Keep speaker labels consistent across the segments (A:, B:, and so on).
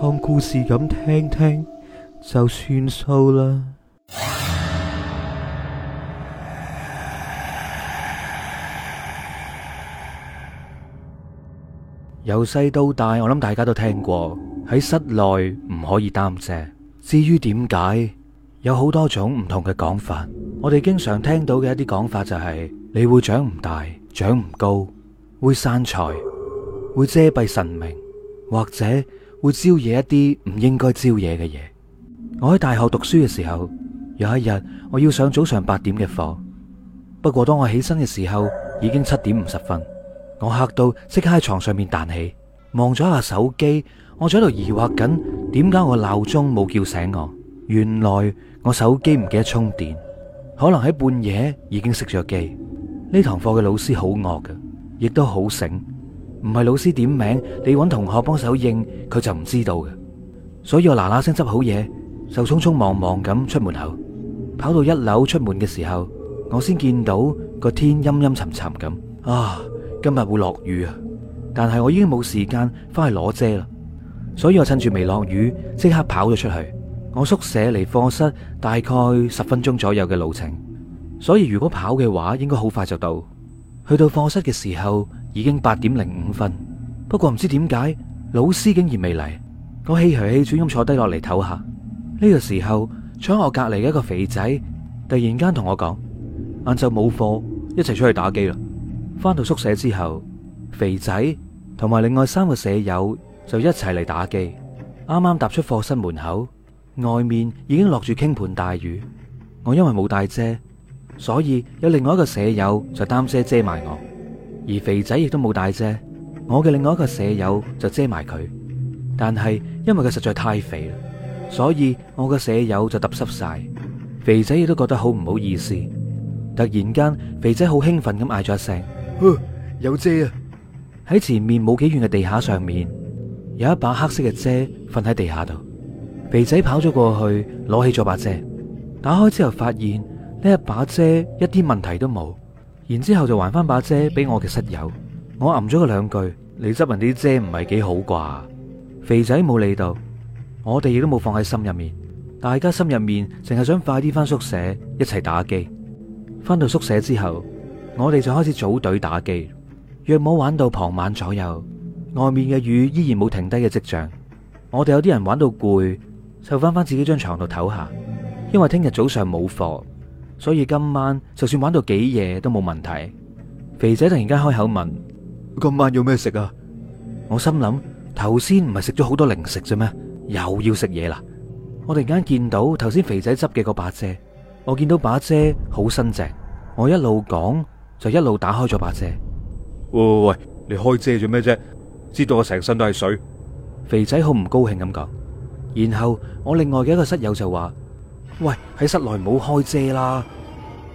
A: 當故事咁聽聽就算數啦。由細到大，我諗大家都聽過喺室內唔可以擔遮。至於點解，有好多種唔同嘅講法。我哋經常聽到嘅一啲講法就係你會長唔大、長唔高，會散財，會遮蔽神明，或者。會招惹一啲唔應該招惹嘅嘢。我喺大學讀書嘅時候，有一日我要上早上八點嘅課，不過當我起身嘅時候已經七點五十分，我吓到即刻喺床上面彈起，望咗下手機，我喺度疑惑緊點解我鬧鐘冇叫醒我，原來我手機唔記得充電，可能喺半夜已經熄咗機。呢堂課嘅老師好惡嘅，亦都好醒。唔係老師點名，你揾同學幫手應，佢就唔知道嘅。所以我嗱嗱聲執好嘢，就匆匆忙忙咁出門口，跑到一樓出門嘅時候，我先見到個天陰陰沉沉咁，啊，今日會落雨啊！但係我已經冇時間翻去攞遮啦，所以我趁住未落雨，即刻跑咗出去。我宿舍離課室大概十分鐘左右嘅路程，所以如果跑嘅話，應該好快就到。去到課室嘅時候，已經八點零五分，不過唔知點解老師竟然未嚟。我嘻嘻氣噓氣喘咁坐低落嚟唞下。呢個時候，坐我隔籬嘅一個肥仔突然間同我講：晏晝冇課，一齊出去打機啦！翻到宿舍之後，肥仔同埋另外三個舍友就一齊嚟打機。啱啱踏出課室門口，外面已經落住傾盆大雨。我因為冇帶遮。所以有另外一個舍友就擔遮遮埋我，而肥仔亦都冇帶遮，我嘅另外一個舍友就遮埋佢。但係因為佢實在太肥，所以我嘅舍友就揼濕晒，肥仔亦都覺得好唔好意思。突然間，肥仔好興奮咁嗌咗一聲：呃，有遮啊！喺前面冇幾遠嘅地下上面，有一把黑色嘅遮，瞓喺地下度。肥仔跑咗過去，攞起咗把遮，打開之後發現。呢一把遮一啲問題都冇，然之後就還翻把遮俾我嘅室友。我吟咗佢兩句， 你執人啲遮唔係幾好啩？肥仔冇理到，我哋亦都冇放喺心入面。大家心入面淨係想快啲翻宿舍一齊打機。翻到宿舍之後，我哋就開始組隊打機。若冇玩到傍晚左右，外面嘅雨依然冇停低嘅跡象。我哋有啲人玩到攰，就翻翻自己張床度唞下，因為聽日早上冇課。所以今晚就算玩到幾夜都冇問題。肥仔突然間開口問：今晚要咩食啊？我心諗頭先唔係食咗好多零食啫咩？又要食嘢啦！我突然間見到頭先肥仔執嘅個把遮，我見到把遮好新淨，我一路講就一路打開咗把遮。喂喂喂！你開遮做咩啫？知道我成身都係水。肥仔好唔高興咁講。然後我另外嘅一個室友就話，喂，喺室內唔好開遮啦。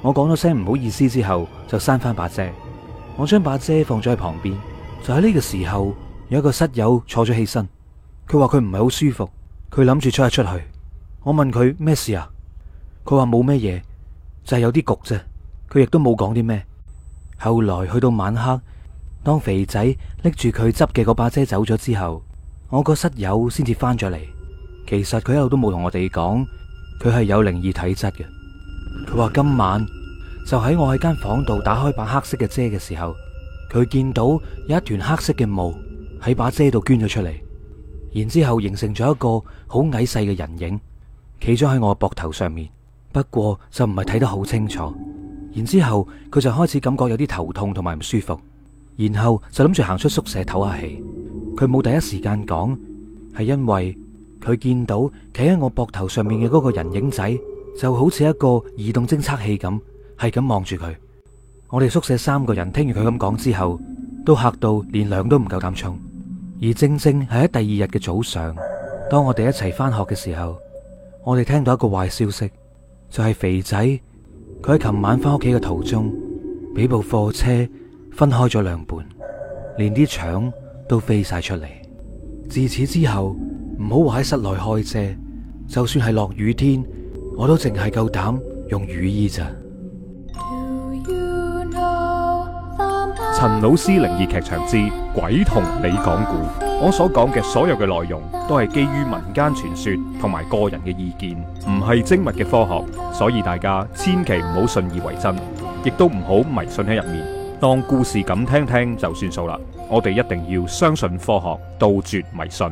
A: 我講咗聲唔好意思之後，就閂翻把遮。我將把遮放咗喺旁邊。就喺呢個時候，有一個室友坐咗起身。佢話佢唔係好舒服，佢諗住出一出去。我問佢咩事啊？佢話冇咩嘢，就係有啲焗啫。佢亦都冇講啲咩。後來去到晚黑，當肥仔拎住佢執嘅嗰把遮走咗之後，我個室友先至翻咗嚟。其實佢一路都冇同我哋講。佢係有靈異體質嘅。佢話今晚就喺我喺間房度打開把黑色嘅遮嘅時候，佢見到有一團黑色嘅霧喺把遮度捐咗出嚟，然之後形成咗一個好矮細嘅人影，企咗喺我膊頭上面。不過就唔係睇得好清楚。然之後佢就開始感覺有啲頭痛同埋唔舒服，然後就諗住行出宿舍唞下氣。佢冇第一時間講，係因為。佢見到企喺我膊頭上面嘅嗰個人影仔，就好似一個移動偵測器咁，係咁望住佢。我哋宿舍三個人聽完佢咁講之後，都吓到連涼都唔夠膽沖。而正正係喺第二日嘅早上，當我哋一齊翻學嘅時候，我哋聽到一個壞消息，就係肥仔佢喺琴晚翻屋企嘅途中，俾部貨車分開咗兩半，連啲腸都飛晒出嚟。自此之後。唔好話喺室內開遮，就算係落雨天，我都淨係夠膽用雨衣咋。陳老師靈異劇場之鬼同你講故。我所講嘅所有嘅內容都係基於民間傳說同埋個人嘅意見，唔係精密嘅科學，所以大家千祈唔好信以為真，亦都唔好迷信喺入面，當故事咁聽聽就算數啦。我哋一定要相信科學，杜絕迷信。